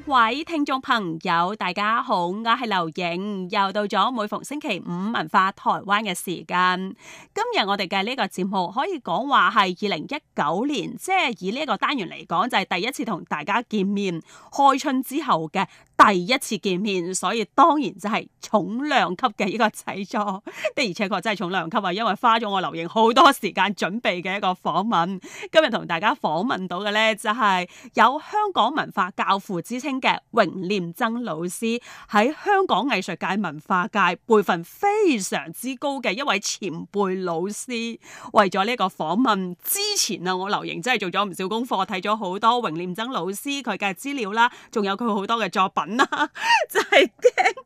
各位聽眾朋友，大家好，我係劉影，又到咗每逢星期五文化台灣嘅時間。今日我哋嘅呢個節目可以講話係二零一九年，即係以呢個單元嚟講，就係第一次同大家見面，開春之後嘅。第一次見面，所以當然就係重量級嘅一個製作，的而且確真係重量級啊！因為花咗我劉瑩好多時間準備嘅一個訪問，今日同大家訪問到嘅咧就係、是、有香港文化教父之稱嘅榮念曾老師，喺香港藝術界、文化界輩分非常之高嘅一位前輩老師。為咗呢個訪問之前啊，我劉瑩真係做咗唔少功課，睇咗好多榮念曾老師佢嘅資料啦，仲有佢好多嘅作品。啦，就係驚。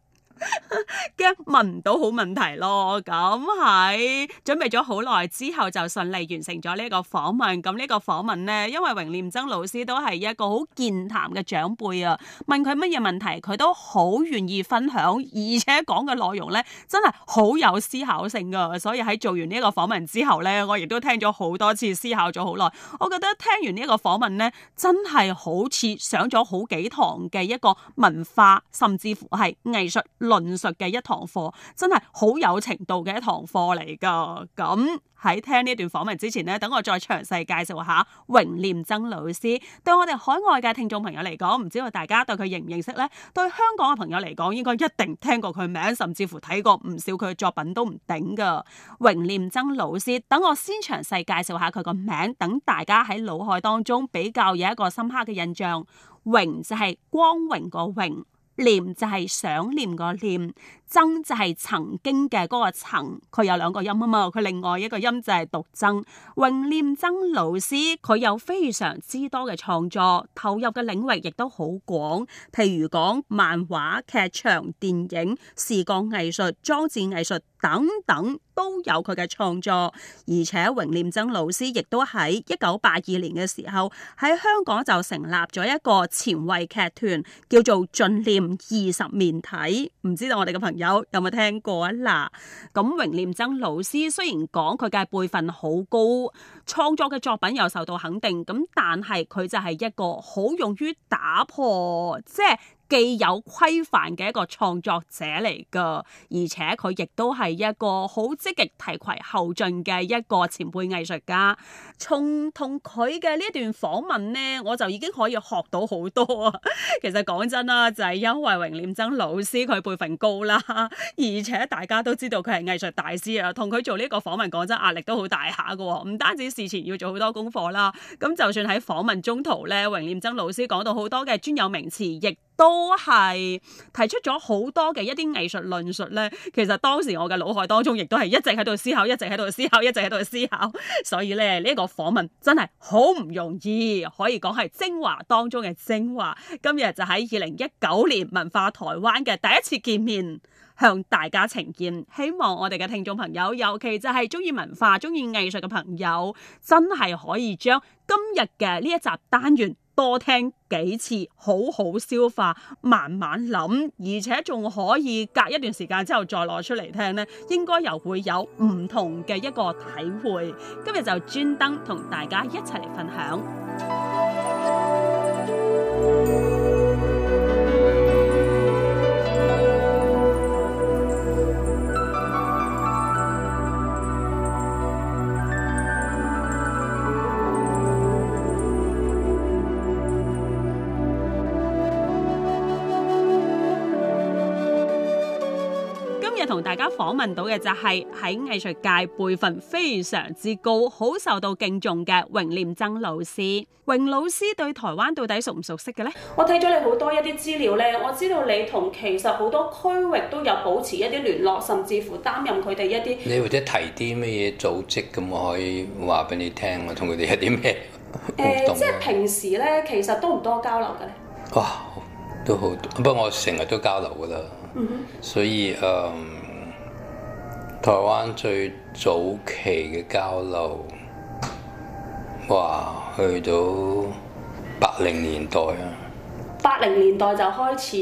驚問唔到好問題咯，咁係準備咗好耐之後就順利完成咗呢個訪問。咁呢個訪問呢，因為榮念曾老師都係一個好健談嘅長輩啊，問佢乜嘢問題，佢都好願意分享，而且講嘅內容呢，真係好有思考性噶。所以喺做完呢一個訪問之後呢，我亦都聽咗好多次，思考咗好耐。我覺得聽完呢一個訪問呢，真係好似上咗好幾堂嘅一個文化，甚至乎係藝術。論述嘅一堂課，真係好有程度嘅一堂課嚟噶。咁喺聽呢段訪問之前呢，等我再詳細介紹下榮念曾老師。對我哋海外嘅聽眾朋友嚟講，唔知道大家對佢認唔認識呢？對香港嘅朋友嚟講，應該一定聽過佢名，甚至乎睇過唔少佢嘅作品都唔頂噶。榮念曾老師，等我先詳細介紹下佢個名，等大家喺腦海當中比較有一個深刻嘅印象。榮就係光榮個榮。念就係想念嘅念。曾就係曾經嘅嗰個曾，佢有兩個音啊嘛，佢另外一個音就係獨曾。榮念曾老師佢有非常之多嘅創作，投入嘅領域亦都好廣，譬如講漫畫劇場電影、視覺藝術裝置藝術等等都有佢嘅創作。而且榮念曾老師亦都喺一九八二年嘅時候喺香港就成立咗一個前衛劇團叫做進念二十面體，唔知道我哋嘅朋友有有冇聽過啊？嗱，咁榮念曾老師雖然講佢嘅輩分好高，創作嘅作品又受到肯定，咁但係佢就係一個好勇於打破，即係既有規範嘅一個創作者嚟噶，而且佢亦都係一個好積極提攜後進嘅一個前輩藝術家。從同佢嘅呢段訪問呢，我就已經可以學到好多啊！其實講真啦，就係、是、因為榮念曾老師佢輩份高啦，而且大家都知道佢係藝術大師啊，同佢做呢個訪問，講真壓力都好大下噶喎。唔單止事前要做好多功課啦，咁就算喺訪問中途呢，榮念曾老師講到好多嘅專有名詞，亦都係提出咗好多嘅一啲藝術論述呢。其實當時我嘅腦海當中亦都係一直喺度思考，一直喺度思考，一直喺度思考，所以咧呢一個訪問真係好唔容易，可以講係精華當中嘅精華。今日就喺二零一九年文化台灣嘅第一次見面，向大家呈現。希望我哋嘅聽眾朋友，尤其就係中意文化、中意藝術嘅朋友，真係可以將今日嘅呢一集單元。多聽幾次，好好消化，慢慢諗，而且仲可以隔一段時間之後再攞出嚟聽呢，應該又會有唔同嘅一個體會。今日就專登同大家一齊嚟分享。今日同大家訪問到嘅就係喺藝術界輩分非常之高、好受到敬重嘅榮念曾老師。榮老師對台灣到底熟唔熟悉嘅呢？我睇咗你好多一啲資料呢，我知道你同其實好多區域都有保持一啲聯絡，甚至乎擔任佢哋一啲。你或者提啲咩嘢組織咁，我可以話俾你聽我同佢哋有啲咩誒，即係平時呢，其實都唔多交流嘅咧。哇、哦，都好多，不過我成日都交流噶啦所以誒、嗯，台灣最早期嘅交流，嘩去到八零年代啊。八零年代就開始，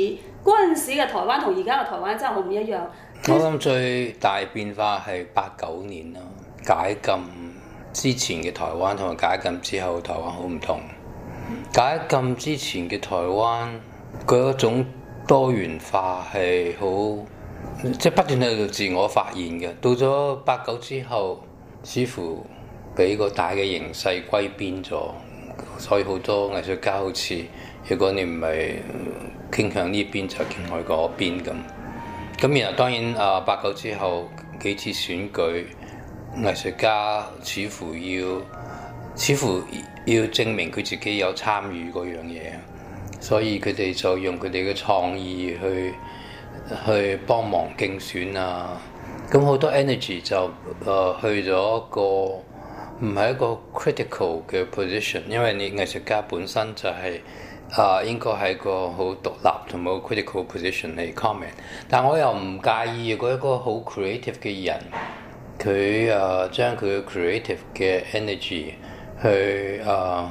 嗰陣時嘅台灣同而家嘅台灣真係好唔一樣。我諗最大變化係八九年咯，解禁之前嘅台灣同埋解禁之後嘅台灣好唔同。嗯、解禁之前嘅台灣佢嗰種。多元化係好，即係不斷喺度自我發現嘅。到咗八九之後，似乎俾個大嘅形勢歸邊咗，所以好多藝術家好似如果你唔係傾向呢邊，就傾向嗰邊咁。咁然後當然啊，八九之後幾次選舉，藝術家似乎要，似乎要證明佢自己有參與嗰樣嘢。所以佢哋就用佢哋嘅創意去去幫忙競選啊，咁好多 energy 就誒、呃、去咗一個唔係一個 critical 嘅 position，因為你藝術家本身就係、是、啊、呃、應該係個好獨立同冇 critical position 嚟 comment，但我又唔介意如果一個好 creative 嘅人佢誒將佢、呃、嘅 creative 嘅 energy 去誒。呃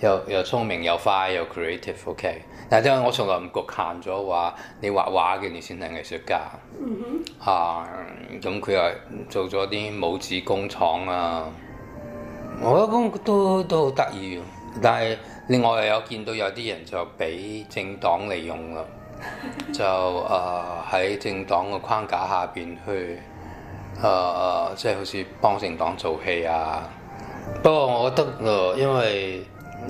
又又聰明又快又 creative，OK，、okay? 但係因為我從來唔侷限咗話你畫畫嘅你先係藝術家，嚇咁佢又做咗啲帽子工廠啊，我覺得都都好得意。但係另外又有見到有啲人就俾政黨利用啦， 就誒喺、uh, 政黨嘅框架下邊去誒即係好似幫政黨做戲啊。不過我覺得誒，uh, 因為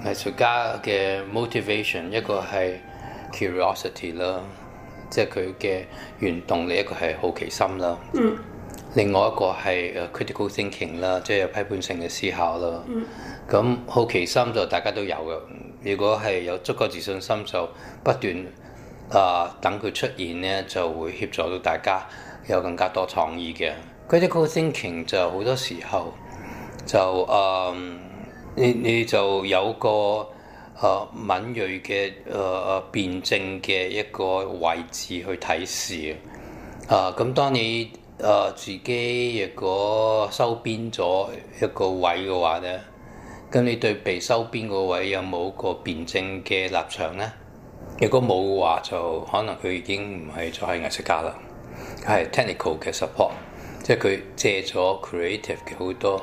藝術家嘅 motivation 一個係 curiosity 啦，即係佢嘅原動力；一個係好奇心啦。嗯。另外一個係 critical thinking 啦，即係有批判性嘅思考啦。咁、嗯、好奇心就大家都有嘅。如果係有足夠自信心就不斷啊、呃、等佢出現呢，就會協助到大家有更加多創意嘅。critical thinking 就好多時候就嗯。呃你你就有個啊、呃、敏鋭嘅誒誒辯證嘅一個位置去睇事啊！咁當你啊、呃、自己如果收編咗一個位嘅話咧，咁你對被收編個位有冇個辯證嘅立場咧？如果冇嘅話，就可能佢已經唔係再係藝術家啦。係 technical 嘅 support，即係佢借咗 creative 嘅好多。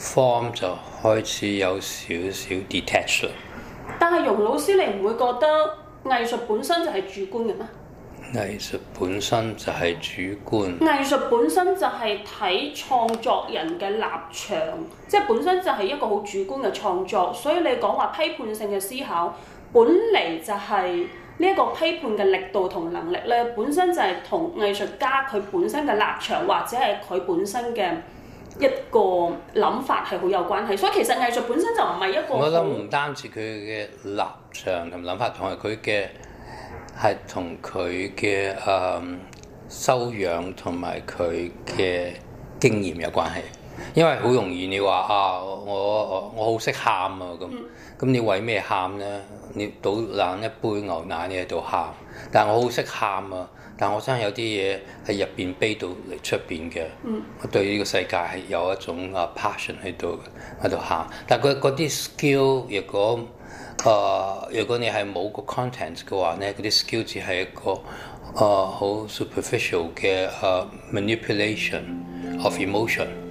方就開始有少少 detachment，但係容老師，你唔會覺得藝術本身就係主觀嘅咩？藝術本身就係主觀。藝術本身就係睇創作人嘅立場，即係本身就係一個好主觀嘅創作。所以你講話批判性嘅思考，本嚟就係呢一個批判嘅力度同能力咧，本身就係同藝術家佢本身嘅立場或者係佢本身嘅。一個諗法係好有關係，所以其實藝術本身就唔係一個。我諗唔單止佢嘅立場同諗法，同係佢嘅係同佢嘅誒修養同埋佢嘅經驗有關係。因為好容易你話啊，我我好識喊啊咁，咁你為咩喊咧？你倒冷一杯牛奶，你喺度喊，但係我好識喊啊！但我真係有啲嘢喺入邊悲到嚟出邊嘅。嗯，我對呢個世界係有一種啊 passion 喺度，喺度喊。但係佢嗰啲 skill，如果啊、呃，如果你係冇個 content 嘅話咧，嗰啲 skill 只係一個啊好、呃、superficial 嘅啊、呃、manipulation of emotion。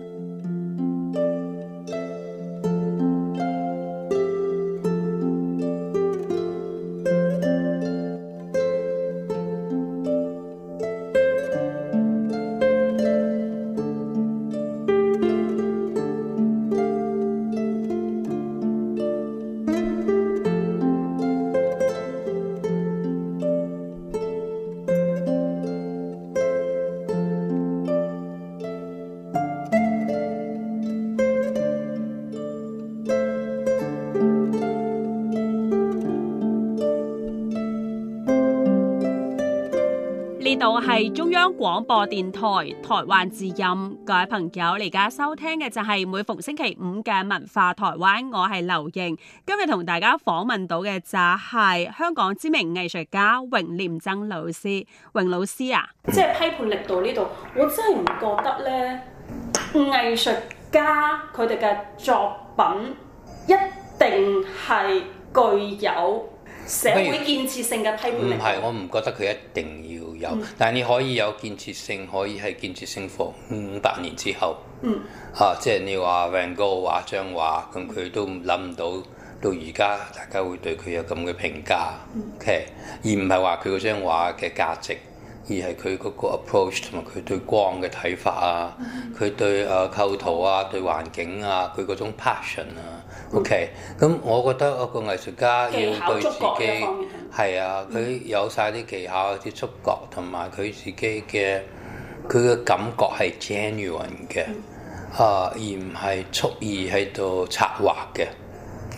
係中央廣播電台台灣之音，各位朋友，你而家收聽嘅就係每逢星期五嘅文化台灣，我係劉瑩，今日同大家訪問到嘅就係香港知名藝術家榮念曾老師，榮老師啊，即係批判力度呢度，我真係唔覺得咧，藝術家佢哋嘅作品一定係具有。社會建設性嘅批評力，唔係我唔覺得佢一定要有，嗯、但係你可以有建設性，可以係建設性放五百年之後。嗯，啊，即係你話梵高畫張畫，咁佢都諗唔到到而家大家會對佢有咁嘅評價、嗯、，OK，而唔係話佢嗰張畫嘅價值。而係佢嗰個 approach 同埋佢對光嘅睇法啊，佢、嗯、對誒、呃、構圖啊，對環境啊，佢嗰種 passion 啊、嗯、，OK，咁我覺得一個藝術家要對自己係啊，佢有晒啲技巧、啲觸覺同埋佢自己嘅佢嘅感覺係 genuine 嘅、嗯、啊，而唔係蓄意喺度策劃嘅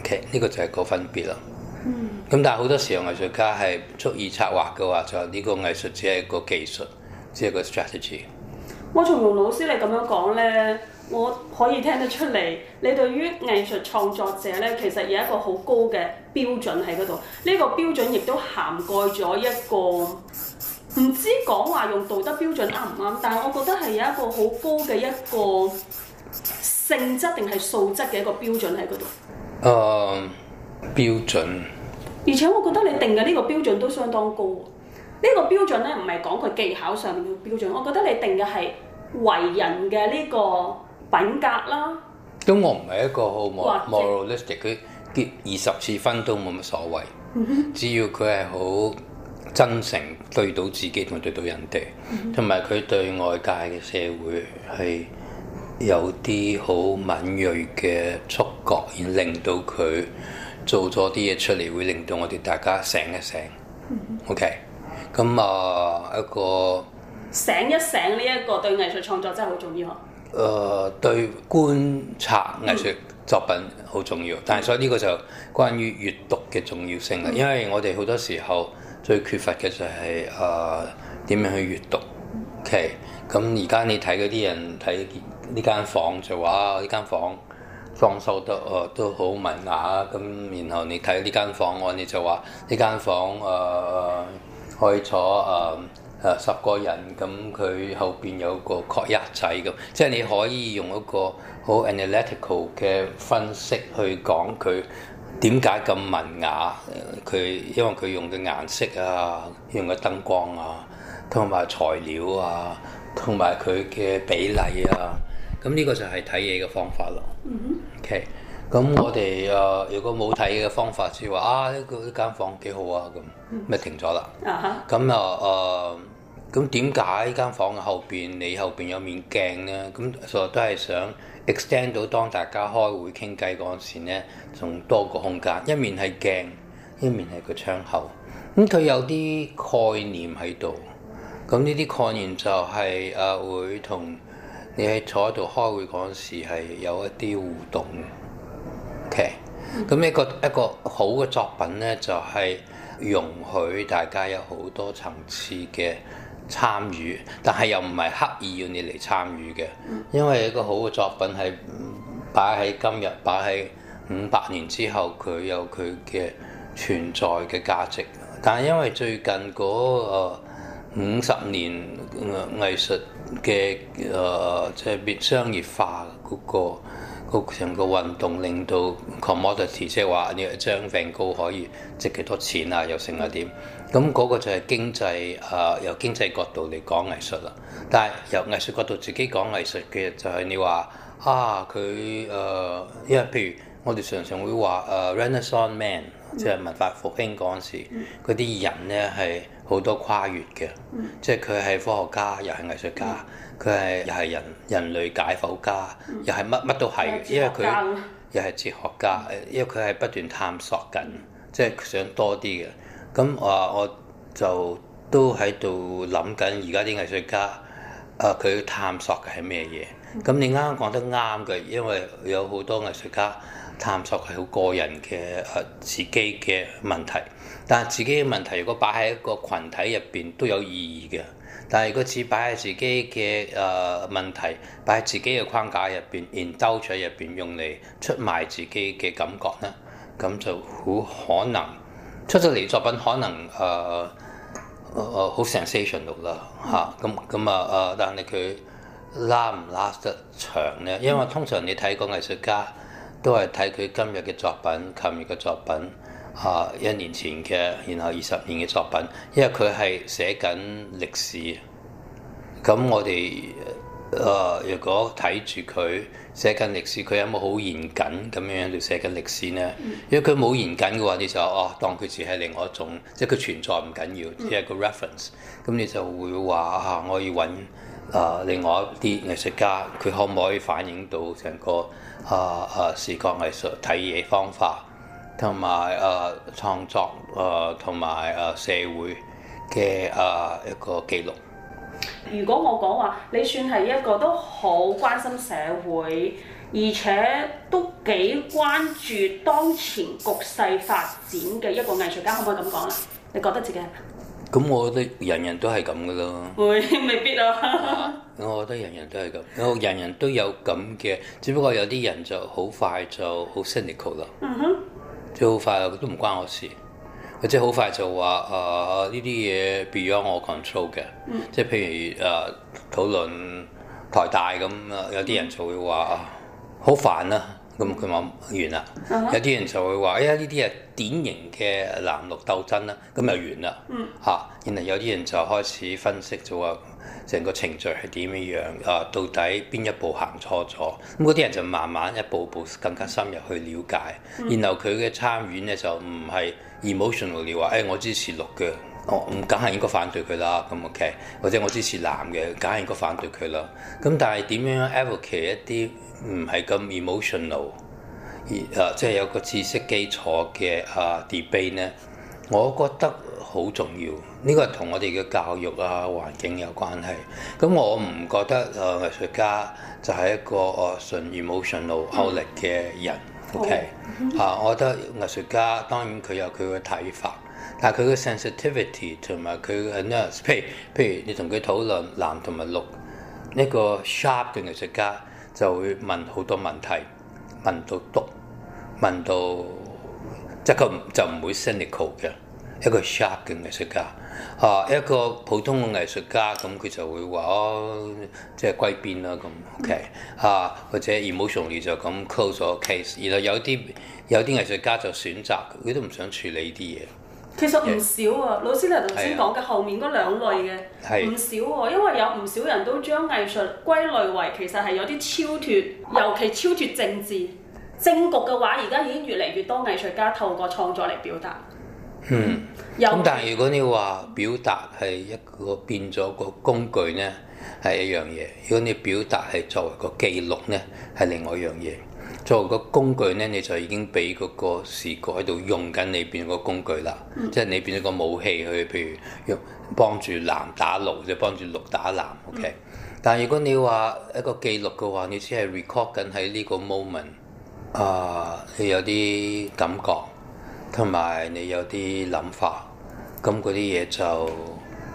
，OK，呢個就係個分別啦。咁但係好多時候藝術家係蓄意策劃嘅話，就呢個藝術只係個技術，只係個 strategy。我從榮老師你咁樣講咧，我可以聽得出嚟，你對於藝術創作者咧，其實有一個好高嘅標準喺嗰度。呢個標準亦都涵蓋咗一個唔知講話用道德標準啱唔啱，但係我覺得係有一個好高嘅一個性質定係素質嘅一個標準喺嗰度。誒，標準。而且我覺得你定嘅呢個標準都相當高呢、啊這個標準咧唔係講佢技巧上面嘅標準，我覺得你定嘅係為人嘅呢個品格啦、啊。咁我唔係一個好 moralistic，佢結二十次婚都冇乜所謂。 只要佢係好真誠對到自己同埋對到人哋，同埋佢對外界嘅社會係有啲好敏鋭嘅觸覺，而令到佢，做咗啲嘢出嚟，會令到我哋大家醒一醒。OK，咁啊、呃、一個醒一醒呢一個對藝術創作真係好重要。誒、呃，對觀察藝術作品好重要，嗯、但係所以呢個就關於閱讀嘅重要性啦。嗯、因為我哋好多時候最缺乏嘅就係誒點樣去閱讀。OK，咁而家你睇嗰啲人睇呢間房就話呢間房。裝修得哦、呃、都好文雅咁，然後你睇呢間房，我、哦、你就話呢間房誒、呃、可以坐誒誒、呃、十個人，咁、嗯、佢後邊有一個擴音仔咁，即係你可以用一個好 analytical 嘅分析去講佢點解咁文雅，佢、呃、因為佢用嘅顏色啊，用嘅燈光啊，同埋材料啊，同埋佢嘅比例啊。咁呢個就係睇嘢嘅方法咯。Mm hmm. OK，咁我哋誒、呃、如果冇睇嘢嘅方法，先係話啊，呢、呢個呢間、mm hmm. 呃啊、房幾好啊咁，咪停咗啦。咁啊誒，咁點解呢間房嘅後邊你後邊有面鏡咧？咁所有都係想 extend 到當大家開會傾偈嗰陣時咧，仲多個空間。一面係鏡，一面係個窗口。咁佢有啲概念喺度。咁呢啲概念就係、是、誒、呃、會同。你喺坐喺度開會嗰時係有一啲互動嘅，OK. 咁一個一個好嘅作品呢，就係容許大家有好多層次嘅參與，但係又唔係刻意要你嚟參與嘅，因為一個好嘅作品係擺喺今日，擺喺五百年之後，佢有佢嘅存在嘅價值。但係因為最近嗰個五十年藝術。嘅誒，即係變商業化嗰、那個、那個成個運動令到 commodity，即係話你一張梵高可以值幾多錢啊？又剩係點，咁、那、嗰個就係經濟誒、呃，由經濟角度嚟講藝術啦。但係由藝術角度自己講藝術嘅就係你話啊，佢誒、呃、因為譬如我哋常常會話誒、呃、Renaissance Man。即係文化復興嗰陣時，嗰啲、嗯、人咧係好多跨越嘅，嗯、即係佢係科學家，又係藝術家，佢係、嗯、又係人人類解剖家，嗯、又係乜乜都係嘅，因為佢又係哲學家，嗯、因為佢係不斷探索緊，即係、嗯、想多啲嘅。咁啊，我就都喺度諗緊而家啲藝術家啊，佢、呃、探索嘅係咩嘢？咁你啱啱講得啱嘅，因為有好多藝術家。探索係好個人嘅誒、呃，自己嘅問題。但係自己嘅問題，如果擺喺一個群體入邊都有意義嘅。但係如果只擺喺自己嘅誒、呃、問題，擺喺自己嘅框架入邊，然兜咗入邊用嚟出賣自己嘅感覺咧，咁就好可能出咗嚟作品可能誒好、呃呃呃、sensational 啦嚇。咁咁、嗯、啊誒，但係佢、呃、拉唔拉得長咧？因為通常你睇個藝術家。都係睇佢今日嘅作品、琴日嘅作品、啊一年前嘅，然後二十年嘅作品，因為佢係寫緊歷史。咁我哋啊、呃，如果睇住佢寫緊歷史，佢有冇好嚴謹咁樣樣就寫緊歷史呢？因為佢冇嚴謹嘅話，你就哦、啊、當佢只係另外一種，即係佢存在唔緊要，只係個 reference。咁你就會話啊，我要揾。啊！另外一啲藝術家，佢可唔可以反映到成個啊啊視覺藝術睇嘢方法，同埋啊創作啊同埋啊社會嘅啊一個記錄？如果我講話，你算係一個都好關心社會，而且都幾關注當前局勢發展嘅一個藝術家，可唔可以咁講呢？你覺得自己係？咁我覺得人人都係咁嘅咯，會 未必啊。 uh, 我覺得人人都係咁，我人人都有咁嘅，只不過有啲人就好快就好 cynical 啦。哼、uh，即係好快都唔關我事，或者好快就話啊呢啲嘢 beyond 我 control 嘅。Uh huh. 即係譬如啊討論台大咁啊，有啲人就會話好煩啊。咁佢話完啦，uh huh. 有啲人就會話，哎呀，呢啲係典型嘅藍綠鬥爭啦，咁就完啦。嚇、mm. 啊，然後有啲人就開始分析咗話，成個程序係點樣？啊，到底邊一步行錯咗？咁嗰啲人就慢慢一步步更加深入去了解，mm. 然後佢嘅參與咧就唔係 emotionally 話，誒、哎，我支持綠嘅。我唔梗係應該反對佢啦，咁 OK，或者我支持男嘅，梗係應該反對佢啦。咁但係點樣 evoke 一啲唔係咁 emotional，啊，即、呃、係、就是、有個知識基礎嘅啊、呃、debate 咧，我覺得好重要。呢、這個同我哋嘅教育啊環境有關係。咁我唔覺得啊、呃、藝術家就係一個啊、呃、純 emotional outlet 嘅人，OK 啊，我覺得藝術家當然佢有佢嘅睇法。但佢個 sensitivity 同埋佢嘅 nose，譬如譬如你同佢討論藍同埋綠，一個 sharp 嘅藝術家就會問好多問題，問到篤，問到即係佢就唔會 cynical 嘅一個 sharp 嘅藝術家啊！一個普通嘅藝術家咁佢就會話哦，即係歸邊啦咁，OK 啊？或者 emotionally 就咁 close 咗 case，而有啲有啲藝術家就選擇佢都唔想處理呢啲嘢。其實唔少啊，老師你頭先講嘅後面嗰兩類嘅唔少喎，啊，因為有唔少人都將藝術歸類為其實係有啲超脱，尤其超脱政治政局嘅話，而家已經越嚟越多藝術家透過創作嚟表達。嗯，咁有但係如果你話表達係一個變咗個工具呢，係一樣嘢；如果你表達係作為個記錄呢，係另外一樣嘢。作為個工具呢，你就已經俾嗰個視覺喺度用緊你變個工具啦，嗯、即係你變咗個武器去，譬如用幫住藍打綠，就幫住綠打藍。OK，但係如果你話一個記錄嘅話，你只係 record 緊喺呢個 moment，啊，你有啲感覺，同埋你有啲諗法，咁嗰啲嘢就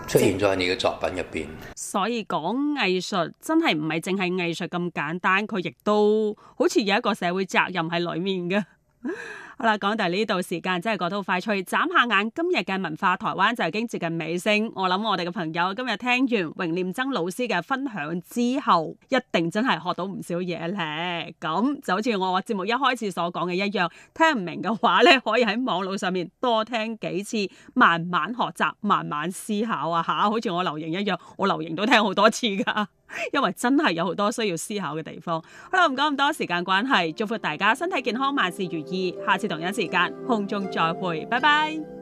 出現在你嘅作品入邊，所以講藝術真係唔係淨係藝術咁簡單，佢亦都好似有一個社會責任喺裡面嘅。 好啦，講到呢度，時間真係過到好快脆。眨下眼，今日嘅文化台灣就已經接近尾聲。我諗我哋嘅朋友今日聽完榮念曾老師嘅分享之後，一定真係學到唔少嘢咧。咁就好似我節目一開始所講嘅一樣，聽唔明嘅話咧，可以喺網絡上面多聽幾次，慢慢學習，慢慢思考啊。吓，好似我留言一樣，我留言都聽好多次噶。因為真係有好多需要思考嘅地方，好啦，唔講咁多，時間關係，祝福大家身體健康，萬事如意，下次同一時間，空中再會，拜拜。